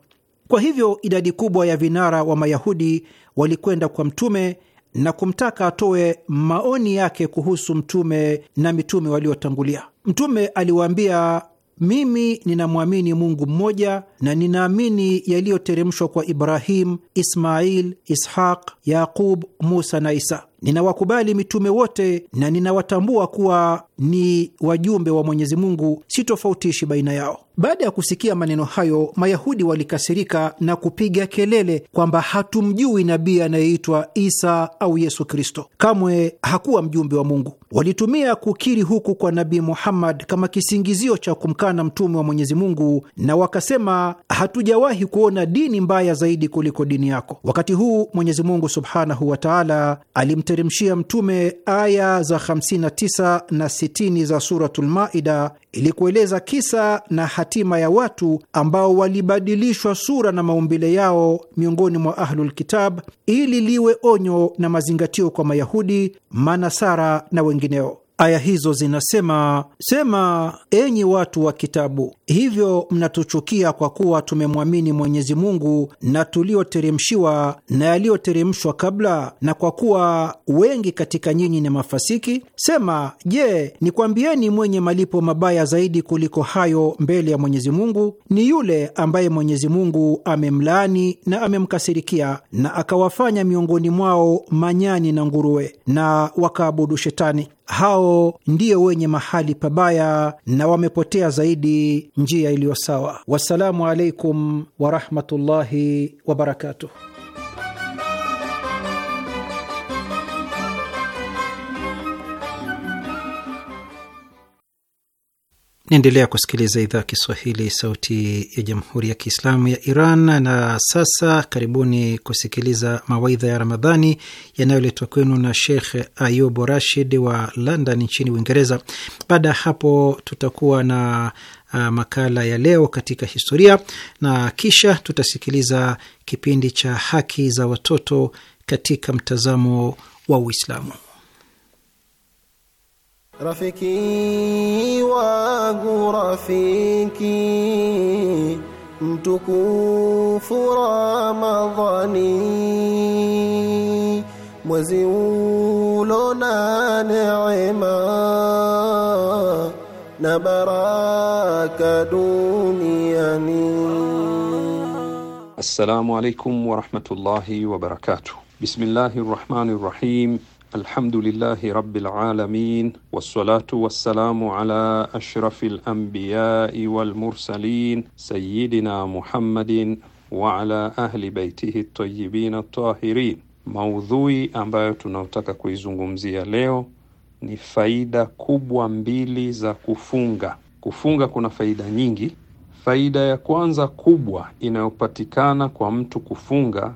Kwa hivyo idadi kubwa ya vinara wa Mayahudi walikwenda kwa Mtume na kumtaka atoe maoni yake kuhusu mtume na mitume waliotangulia. Mtume aliwaambia mimi ninamwamini Mungu mmoja na ninaamini yaliyoteremshwa kwa Ibrahim, Ismail, Ishaq, Yaqub, Musa na Isa. Ninawakubali mitume wote na ninawatambua kuwa ni wajumbe wa Mwenyezi Mungu, sitofautishi baina yao. Baada ya kusikia maneno hayo, Mayahudi walikasirika na kupiga kelele kwamba hatumjui nabii anayeitwa Isa au Yesu Kristo, kamwe hakuwa mjumbe wa Mungu. Walitumia kukiri huku kwa Nabii Muhammad kama kisingizio cha kumkana mtume wa Mwenyezi Mungu, na wakasema hatujawahi kuona dini mbaya zaidi kuliko dini yako. Wakati huu Mwenyezi Mungu subhanahu wa taala alimteremshia Mtume aya za 59 na 60 za Suratul Maida ili kueleza kisa na hatima ya watu ambao walibadilishwa sura na maumbile yao miongoni mwa Ahlulkitab ili liwe onyo na mazingatio kwa Mayahudi, Manasara na wengineo. Aya hizo zinasema: Sema, enyi watu wa Kitabu, hivyo mnatuchukia kwa kuwa tumemwamini Mwenyezi Mungu na tulioteremshiwa na yaliyoteremshwa kabla, na kwa kuwa wengi katika nyinyi ni mafasiki. Sema, je, nikwambieni mwenye malipo mabaya zaidi kuliko hayo mbele ya Mwenyezi Mungu ni yule ambaye Mwenyezi Mungu amemlaani na amemkasirikia, na akawafanya miongoni mwao manyani na nguruwe, na wakaabudu Shetani hao ndio wenye mahali pabaya na wamepotea zaidi njia iliyo sawa. Wassalamu alaikum warahmatullahi wabarakatuh. Naendelea kusikiliza idhaa Kiswahili sauti ya jamhuri ya kiislamu ya Iran. Na sasa karibuni kusikiliza mawaidha ya Ramadhani yanayoletwa kwenu na Sheikh Ayub Rashid wa London nchini Uingereza. Baada ya hapo, tutakuwa na uh, makala ya leo katika historia, na kisha tutasikiliza kipindi cha haki za watoto katika mtazamo wa Uislamu. رفيقي واغو رفيقي متكوف رمضان مزيولنا نعما نبراك دنياني السلام عليكم ورحمة الله وبركاته بسم الله الرحمن الرحيم الحمد لله رب العالمين والصلاة والسلام على أشرف الأنبياء والمرسلين سيدنا Muhammadin وعلى أهل ahli baitihi الطاهرين موضوعي Maudhui ambayo tunaotaka kuizungumzia leo ni faida kubwa mbili za kufunga. Kufunga kuna faida nyingi. Faida ya kwanza kubwa inayopatikana kwa mtu kufunga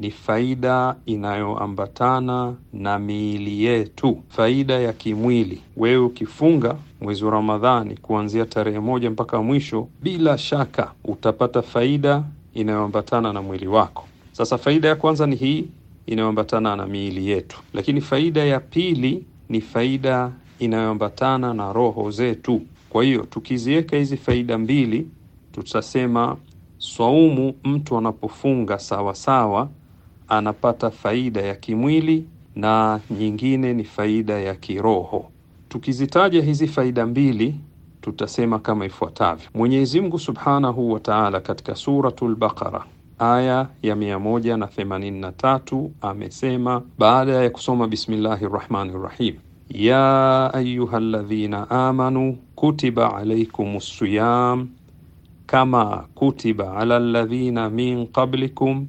ni faida inayoambatana na miili yetu, faida ya kimwili. Wewe ukifunga mwezi wa Ramadhani kuanzia tarehe moja mpaka mwisho, bila shaka utapata faida inayoambatana na mwili wako. Sasa faida ya kwanza ni hii inayoambatana na miili yetu, lakini faida ya pili ni faida inayoambatana na roho zetu. Kwa hiyo tukiziweka hizi faida mbili, tutasema swaumu, mtu anapofunga sawasawa anapata faida ya kimwili na nyingine ni faida ya kiroho. Tukizitaja hizi faida mbili tutasema kama ifuatavyo. Mwenyezi Mungu Subhanahu wa Ta'ala katika Suratul Baqara aya ya tatu amesema baada ya kusoma bismillahi rahmani rahim, ya ayyuhalladhina amanu kutiba alaykumus siyam kama kutiba alal ladhina min qablikum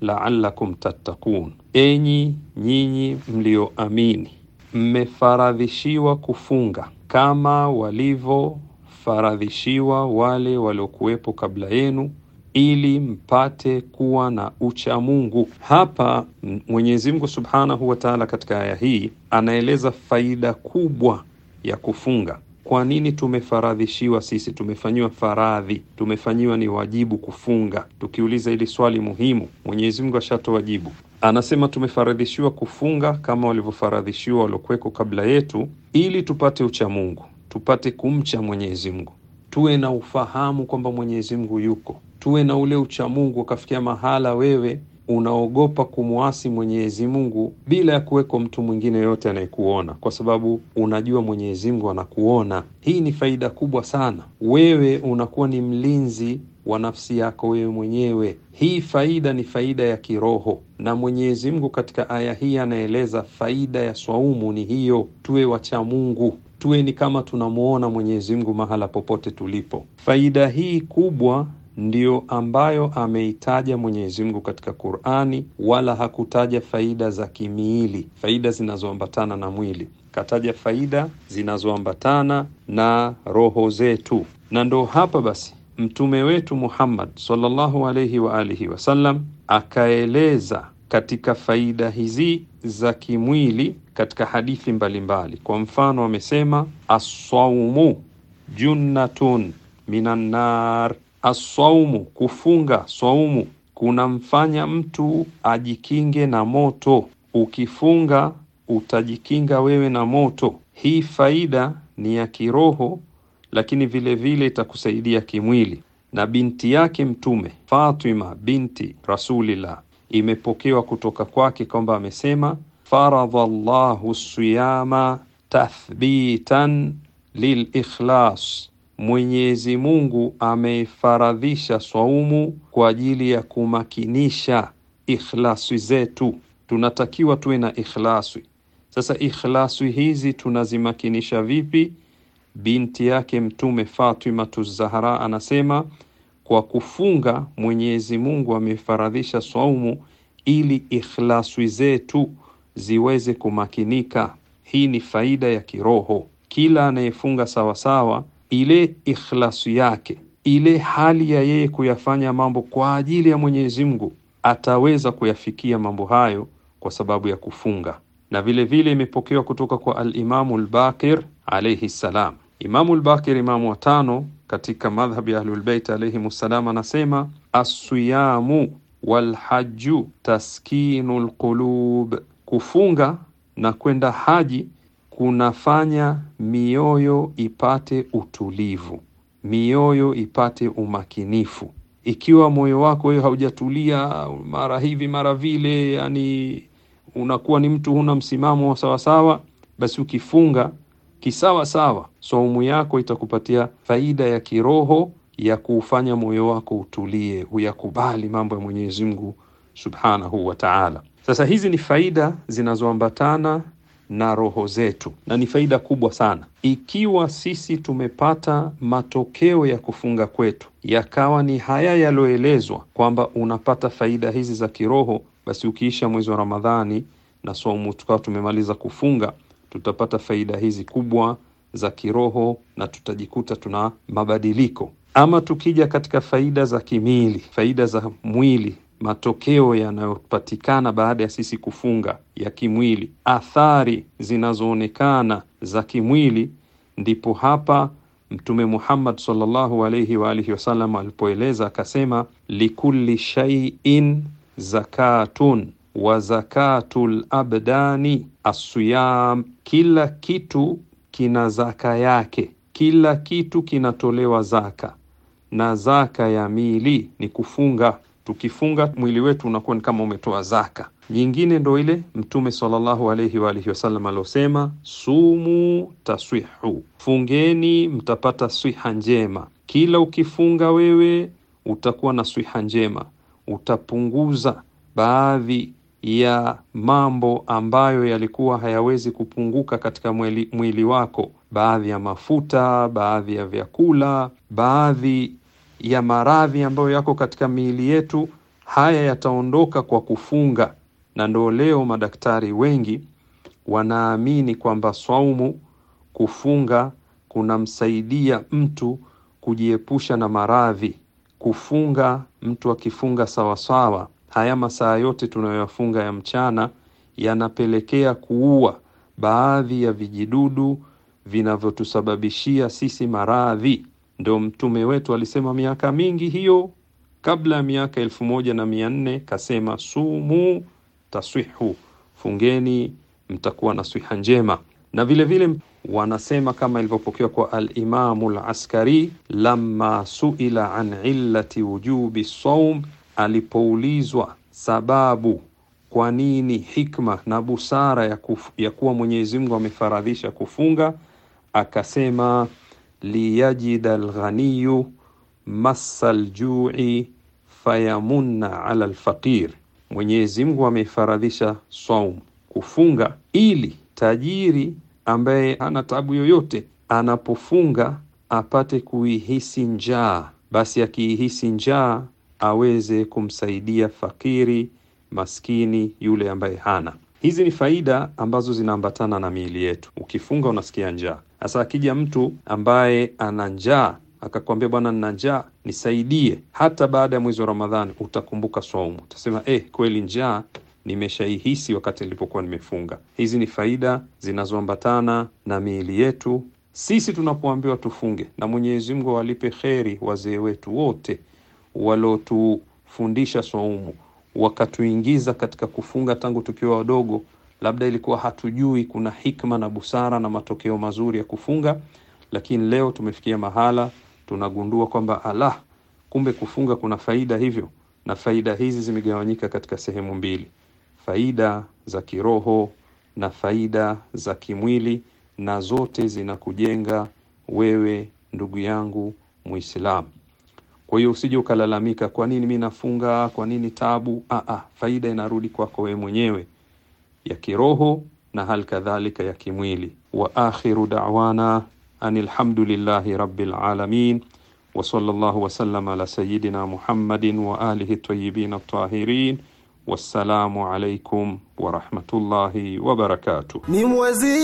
laalakum tattakun, enyi nyinyi mlioamini, mmefaradhishiwa kufunga kama walivyofaradhishiwa wale waliokuwepo kabla yenu ili mpate kuwa na ucha Mungu. Hapa Mwenyezi Mungu Subhanahu wa Ta'ala katika aya hii anaeleza faida kubwa ya kufunga kwa nini tumefaradhishiwa sisi, tumefanyiwa faradhi, tumefanyiwa ni wajibu kufunga? Tukiuliza hili swali muhimu, Mwenyezi Mungu ashatoa Anasema tumefaradhishiwa kufunga kama walivyofaradhishiwa waliokuweko kabla yetu, ili tupate ucha Mungu, tupate kumcha Mwenyezi Mungu, tuwe na ufahamu kwamba Mwenyezi Mungu yuko, tuwe na ule ucha Mungu, ukafikia mahala wewe unaogopa kumwasi Mwenyezi Mungu bila ya kuweko mtu mwingine yoyote anayekuona, kwa sababu unajua Mwenyezi Mungu anakuona. Hii ni faida kubwa sana, wewe unakuwa ni mlinzi wa nafsi yako wewe mwenyewe. Hii faida ni faida ya kiroho, na Mwenyezi Mungu katika aya hii anaeleza faida ya swaumu ni hiyo, tuwe wacha Mungu, tuwe ni kama tunamwona Mwenyezi Mungu mahala popote tulipo. Faida hii kubwa ndiyo ambayo ameitaja Mwenyezi Mungu katika Qur'ani, wala hakutaja faida za kimiili, faida zinazoambatana na mwili, kataja faida zinazoambatana na roho zetu. Na ndo hapa basi mtume wetu Muhammad sallallahu alayhi wa alihi wasallam akaeleza katika faida hizi za kimwili katika hadithi mbalimbali mbali. Kwa mfano amesema, assaumu junnatun minan nar Aswaumu, kufunga swaumu kunamfanya mtu ajikinge na moto. Ukifunga utajikinga wewe na moto. Hii faida ni ya kiroho, lakini vile vile itakusaidia kimwili. Na binti yake Mtume Fatima binti Rasulillah imepokewa kutoka kwake kwamba amesema, faradha llahu siyama tathbitan lilikhlas Mwenyezi Mungu ameifaradhisha swaumu kwa ajili ya kumakinisha ikhlasi zetu. Tunatakiwa tuwe na ikhlasi. Sasa ikhlasi hizi tunazimakinisha vipi? Binti yake Mtume Fatima Tuzahara anasema kwa kufunga, Mwenyezi Mungu amefaradhisha swaumu ili ikhlasi zetu ziweze kumakinika. Hii ni faida ya kiroho. Kila anayefunga sawasawa ile ikhlasu yake, ile hali ya yeye kuyafanya mambo kwa ajili ya Mwenyezi Mungu, ataweza kuyafikia mambo hayo kwa sababu ya kufunga. Na vile vile imepokewa kutoka kwa al-Imamu al-Baqir alayhi salam. Imamu al-Baqir, imamu wa tano katika madhhabi ya Ahlul Bait alayhi salam, anasema as-siyamu walhaju taskinu lqulub, kufunga na kwenda haji kunafanya mioyo ipate utulivu, mioyo ipate umakinifu. Ikiwa moyo wako wewe haujatulia, mara hivi mara vile, yani unakuwa ni mtu huna msimamo sawasawa, basi ukifunga kisawa sawa, saumu yako itakupatia faida ya kiroho ya kuufanya moyo wako utulie, uyakubali mambo ya Mwenyezi Mungu subhanahu wa taala. Sasa hizi ni faida zinazoambatana na roho zetu, na ni faida kubwa sana. Ikiwa sisi tumepata matokeo ya kufunga kwetu yakawa ni haya yaliyoelezwa, kwamba unapata faida hizi za kiroho, basi ukiisha mwezi wa Ramadhani na somu tukawa tumemaliza kufunga, tutapata faida hizi kubwa za kiroho na tutajikuta tuna mabadiliko. Ama tukija katika faida za kimwili, faida za mwili matokeo yanayopatikana baada ya sisi kufunga ya kimwili, athari zinazoonekana za kimwili, ndipo hapa Mtume Muhammad sallallahu alayhi wa alihi wasallam alipoeleza akasema, likulli shay'in zakatun wa zakatul abdani assiyam kila kitu kina zaka yake, kila kitu kinatolewa zaka, na zaka ya mili ni kufunga. Tukifunga mwili wetu unakuwa ni kama umetoa zaka. Nyingine ndo ile Mtume sallallahu alayhi wa alihi wasallam aliosema, sumu taswihu, fungeni mtapata swiha njema. Kila ukifunga wewe utakuwa na swiha njema, utapunguza baadhi ya mambo ambayo yalikuwa hayawezi kupunguka katika mwili, mwili wako, baadhi ya mafuta, baadhi ya vyakula, baadhi ya maradhi ambayo yako katika miili yetu, haya yataondoka kwa kufunga. Na ndio leo madaktari wengi wanaamini kwamba swaumu, kufunga, kunamsaidia mtu kujiepusha na maradhi. Kufunga, mtu akifunga sawasawa, haya masaa yote tunayoyafunga ya mchana yanapelekea kuua baadhi ya vijidudu vinavyotusababishia sisi maradhi. Ndio mtume wetu alisema miaka mingi hiyo kabla ya miaka elfu moja na mia nne kasema, sumu taswihu, fungeni mtakuwa na swiha njema. Na vile vile wanasema kama ilivyopokewa kwa Alimamu Laskari, lamma suila an illati wujubi saum, alipoulizwa sababu kwa nini hikma na busara ya, ya kuwa Mwenyezi Mungu amefaradhisha kufunga akasema liyajida alghaniyu massa ljui fayamunna ala lfaqir. Mwenyezi Mungu ameifaradhisha saum, kufunga ili tajiri ambaye hana tabu yoyote anapofunga apate kuihisi njaa, basi akiihisi njaa aweze kumsaidia fakiri maskini yule ambaye hana. Hizi ni faida ambazo zinaambatana na miili yetu. Ukifunga unasikia njaa. Sasa akija mtu ambaye ana njaa akakwambia, bwana, nina njaa nisaidie, hata baada ya mwezi wa Ramadhani utakumbuka swaumu, utasema eh, kweli njaa nimeshaihisi wakati nilipokuwa nimefunga. Hizi ni faida zinazoambatana na miili yetu sisi tunapoambiwa tufunge, na Mwenyezi Mungu awalipe kheri wazee wetu wote walotufundisha swaumu, wakatuingiza katika kufunga tangu tukiwa wadogo labda ilikuwa hatujui kuna hikma na busara na matokeo mazuri ya kufunga, lakini leo tumefikia mahala tunagundua kwamba ala, kumbe kufunga kuna faida hivyo, na faida hizi zimegawanyika katika sehemu mbili: faida za kiroho na faida za kimwili, na zote zinakujenga wewe ndugu yangu Muislamu. Kwa hiyo usije ukalalamika, kwa nini mi nafunga, kwa nini tabu? Aa, ah, ah, faida inarudi kwako wewe mwenyewe ya kiroho na hal kadhalika ya kimwili. Wa akhiru da'wana anil hamdulillahi rabbil alamin wa sallallahu wa sallama ala sayyidina Muhammadin wa alihi tayyibin at-tahirin. Wassalamu alaikum warahmatullahi wabarakatuh. Ni mwezi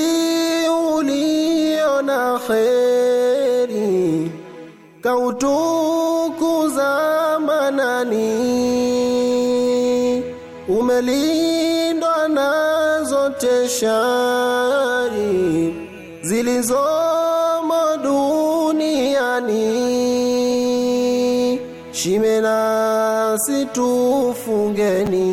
ulio na kheri, kautukuza manani umeli zote shari zilizomo duniani, shime nasi tufungeni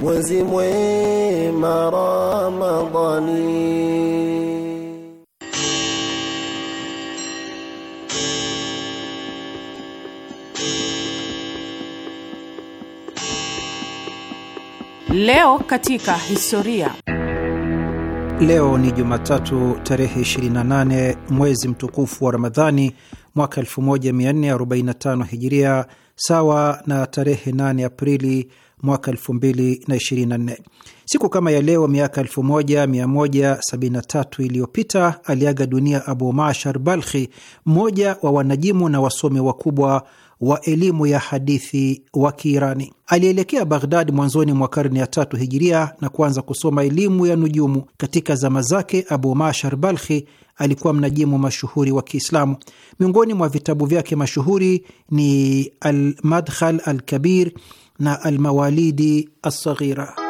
mwezi mwema Ramadhani. Leo katika historia. Leo ni Jumatatu tarehe 28 mwezi mtukufu wa Ramadhani mwaka 1445 Hijiria, sawa na tarehe 8 Aprili mwaka 2024. Siku kama ya leo miaka 1173 iliyopita aliaga dunia Abu Mashar Balkhi, mmoja wa wanajimu na wasomi wakubwa wa elimu ya hadithi wa Kiirani. Alielekea Baghdad mwanzoni mwa karne ya tatu hijiria na kuanza kusoma elimu ya nujumu. Katika zama zake, Abu Mashar Balkhi alikuwa mnajimu mashuhuri wa Kiislamu. Miongoni mwa vitabu vyake mashuhuri ni Almadkhal Alkabir na Almawalidi Alsaghira.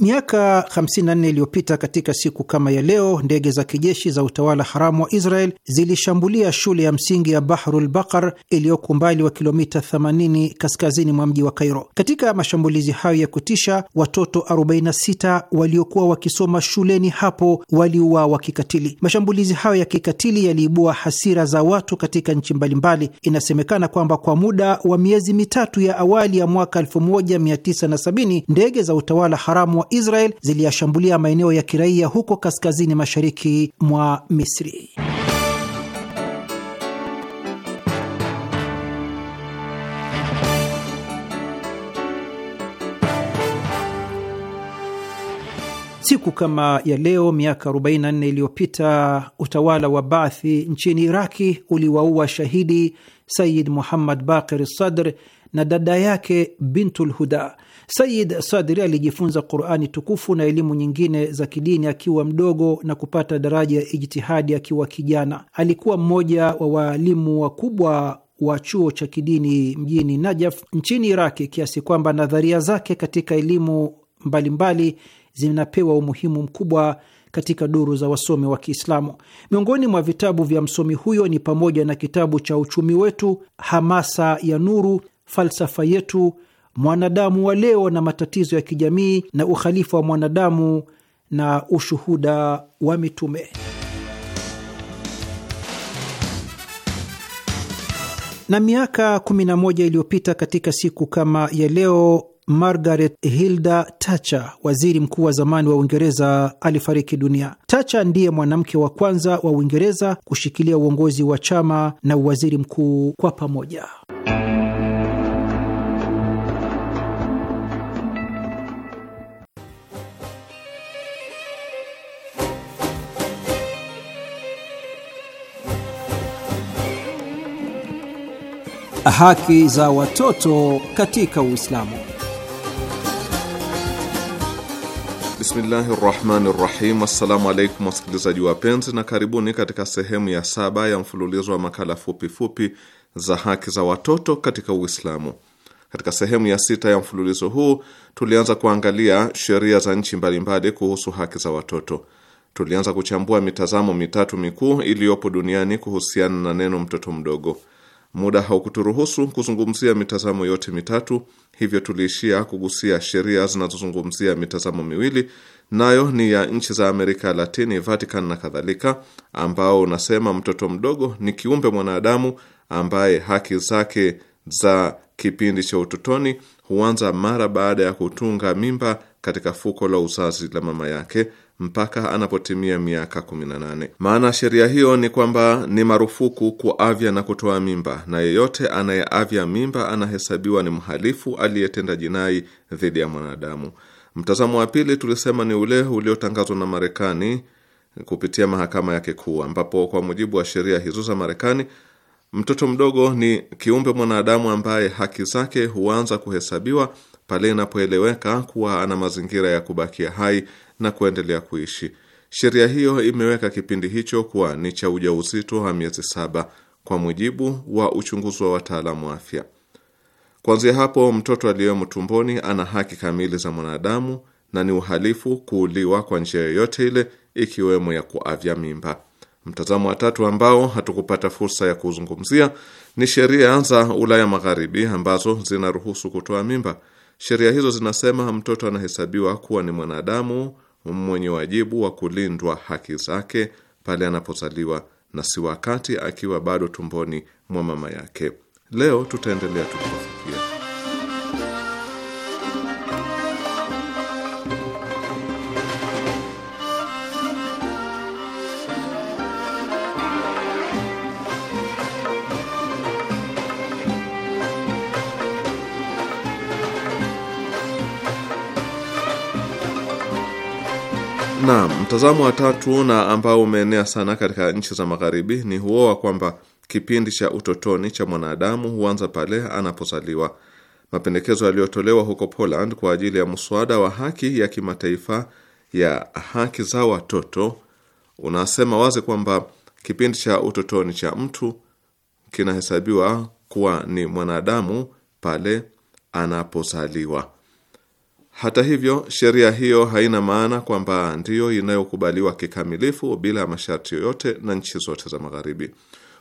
Miaka 54 iliyopita katika siku kama ya leo, ndege za kijeshi za utawala haramu wa Israel zilishambulia shule ya msingi ya Bahrul Bakar iliyoko umbali wa kilomita 80 kaskazini mwa mji wa Kairo. Katika mashambulizi hayo ya kutisha, watoto 46 waliokuwa wakisoma shuleni hapo waliuawa kikatili. Mashambulizi hayo ya kikatili yaliibua hasira za watu katika nchi mbalimbali. Inasemekana kwamba kwa muda wa miezi mitatu ya awali ya mwaka 1970 ndege za utawala haramu wa Israel ziliyashambulia maeneo ya kiraia huko kaskazini mashariki mwa Misri. Siku kama ya leo miaka 44 iliyopita utawala wa Baathi nchini Iraki uliwaua shahidi Sayid Muhammad Baqir Sadr na dada yake Bintul Huda Said Sadri alijifunza Qurani tukufu na elimu nyingine za kidini akiwa mdogo na kupata daraja ya ijtihadi akiwa kijana. Alikuwa mmoja wa waalimu wakubwa wa chuo cha kidini mjini Najaf nchini Iraki, kiasi kwamba nadharia zake katika elimu mbalimbali zinapewa umuhimu mkubwa katika duru za wasomi wa Kiislamu. Miongoni mwa vitabu vya msomi huyo ni pamoja na kitabu cha Uchumi Wetu, Hamasa ya Nuru, Falsafa Yetu, mwanadamu wa leo na matatizo ya kijamii na uhalifu wa mwanadamu na ushuhuda wa mitume. Na miaka 11 iliyopita katika siku kama ya leo, Margaret Hilda Thatcher, waziri mkuu wa zamani wa Uingereza, alifariki dunia. Thatcher ndiye mwanamke wa kwanza wa Uingereza kushikilia uongozi wa chama na uwaziri mkuu kwa pamoja. Haki za watoto katika Uislamu. Bismillahi rahmani rahim. Assalamu alaikum wasikilizaji wapenzi, na karibuni katika sehemu ya saba ya mfululizo wa makala fupifupi fupi za haki za watoto katika Uislamu. Katika sehemu ya sita ya mfululizo huu tulianza kuangalia sheria za nchi mbalimbali kuhusu haki za watoto. Tulianza kuchambua mitazamo mitatu mikuu iliyopo duniani kuhusiana na neno mtoto mdogo. Muda haukuturuhusu kuzungumzia mitazamo yote mitatu, hivyo tuliishia kugusia sheria zinazozungumzia mitazamo miwili, nayo ni ya nchi za Amerika ya Latini, Vatican na kadhalika, ambao unasema mtoto mdogo ni kiumbe mwanadamu ambaye haki zake za kipindi cha utotoni huanza mara baada ya kutunga mimba katika fuko la uzazi la mama yake mpaka anapotimia miaka 18. Maana sheria hiyo ni kwamba ni marufuku kuavya na kutoa mimba, na yeyote anayeavya mimba anahesabiwa ni mhalifu aliyetenda jinai dhidi ya mwanadamu. Mtazamo wa pili tulisema ni ule uliotangazwa na Marekani kupitia mahakama yake kuu, ambapo kwa mujibu wa sheria hizo za Marekani, mtoto mdogo ni kiumbe mwanadamu ambaye haki zake huanza kuhesabiwa pale inapoeleweka kuwa ana mazingira ya kubakia hai na kuendelea kuishi. Sheria hiyo imeweka kipindi hicho kuwa ni cha ujauzito wa miezi saba kwa mujibu wa uchunguzi wa wataalamu wa afya. Kuanzia hapo, mtoto aliyemo tumboni ana haki kamili za mwanadamu na ni uhalifu kuuliwa kwa njia yoyote ile, ikiwemo ya kuavya mimba. Mtazamo wa tatu ambao hatukupata fursa ya kuzungumzia ni sheria za Ulaya Magharibi ambazo zinaruhusu kutoa mimba. Sheria hizo zinasema mtoto anahesabiwa kuwa ni mwanadamu mwenye wajibu wa kulindwa haki zake pale anapozaliwa na si wakati akiwa bado tumboni mwa mama yake. Leo tutaendelea tukifikia Mtazamo wa tatu na ambao umeenea sana katika nchi za Magharibi ni huo wa kwamba kipindi cha utotoni cha mwanadamu huanza pale anapozaliwa. Mapendekezo yaliyotolewa huko Poland kwa ajili ya mswada wa haki ya kimataifa ya haki za watoto unasema wazi kwamba kipindi cha utotoni cha mtu kinahesabiwa kuwa ni mwanadamu pale anapozaliwa. Hata hivyo, sheria hiyo haina maana kwamba ndiyo inayokubaliwa kikamilifu bila masharti yoyote na nchi zote za Magharibi.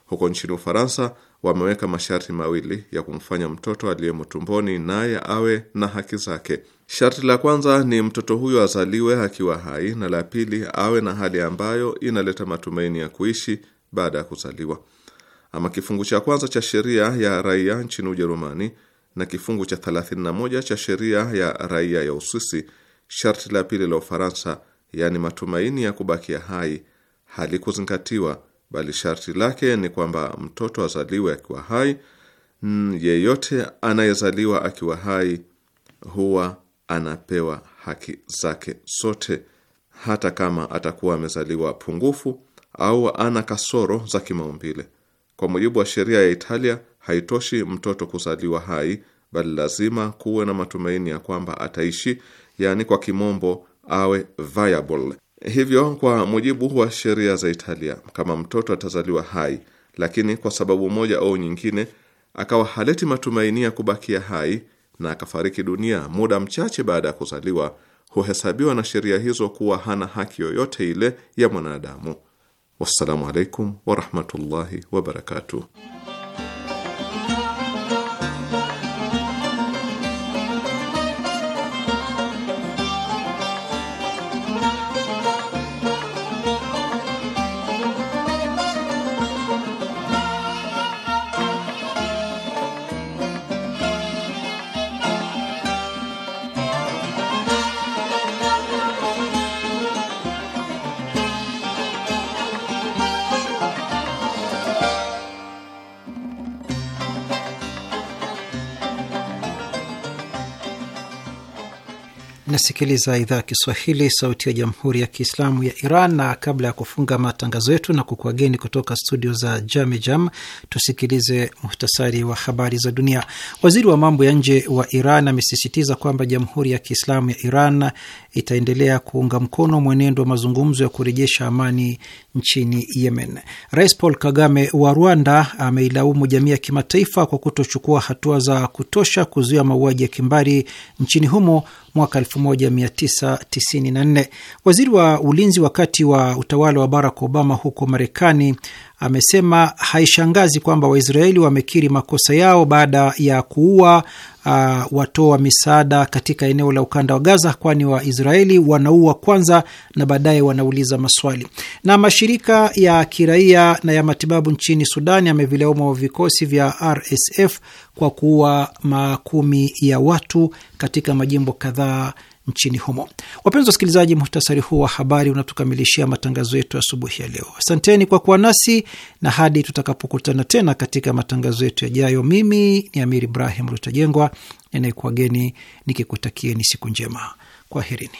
Huko nchini Ufaransa wameweka masharti mawili ya kumfanya mtoto aliyemo tumboni naye awe na haki zake. Sharti la kwanza ni mtoto huyo azaliwe akiwa hai, na la pili awe na hali ambayo inaleta matumaini ya kuishi baada ya kuzaliwa. Ama kifungu cha kwanza cha sheria ya raia nchini Ujerumani na kifungu cha 31 cha sheria ya raia ya Uswisi, sharti la pili la Ufaransa, yaani matumaini ya kubakia hai, halikuzingatiwa, bali sharti lake ni kwamba mtoto azaliwe akiwa hai. Mm, yeyote anayezaliwa akiwa hai huwa anapewa haki zake zote, hata kama atakuwa amezaliwa pungufu au ana kasoro za kimaumbile. Kwa mujibu wa sheria ya Italia, haitoshi mtoto kuzaliwa hai, bali lazima kuwe na matumaini ya kwamba ataishi, yaani kwa kimombo awe viable. Hivyo kwa mujibu wa sheria za Italia, kama mtoto atazaliwa hai, lakini kwa sababu moja au nyingine akawa haleti matumaini ya kubakia hai na akafariki dunia muda mchache baada ya kuzaliwa, huhesabiwa na sheria hizo kuwa hana haki yoyote ile ya mwanadamu. Wassalamu alaikum warahmatullahi wabarakatuh. unasikiliza idhaa ya Kiswahili, sauti ya jamhuri ya kiislamu ya Iran. Na kabla ya kufunga matangazo yetu na kukuageni kutoka studio za Jamejam, tusikilize muhtasari wa habari za dunia. Waziri wa mambo ya nje wa Iran amesisitiza kwamba jamhuri ya kiislamu ya Iran itaendelea kuunga mkono mwenendo wa mazungumzo ya kurejesha amani nchini Yemen. Rais Paul Kagame wa Rwanda ameilaumu jamii ya kimataifa kwa kutochukua hatua za kutosha kuzuia mauaji ya kimbari nchini humo mwaka 1994. Waziri wa ulinzi wakati wa utawala wa Barack Obama huko Marekani amesema haishangazi kwamba Waisraeli wamekiri makosa yao baada ya kuua uh, watoa misaada katika eneo la ukanda wa Gaza, kwani Waisraeli wanaua kwanza na baadaye wanauliza maswali. Na mashirika ya kiraia na ya matibabu nchini Sudan yamevilauma vikosi vya RSF kwa kuua makumi ya watu katika majimbo kadhaa nchini humo. Wapenzi wasikilizaji, muhtasari huu wa habari unatukamilishia matangazo yetu asubuhi ya leo. Asanteni kwa kuwa nasi na hadi tutakapokutana tena katika matangazo yetu yajayo, mimi ni Amir Ibrahim Rutajengwa ninayekuwageni nikikutakieni siku njema. Kwaherini.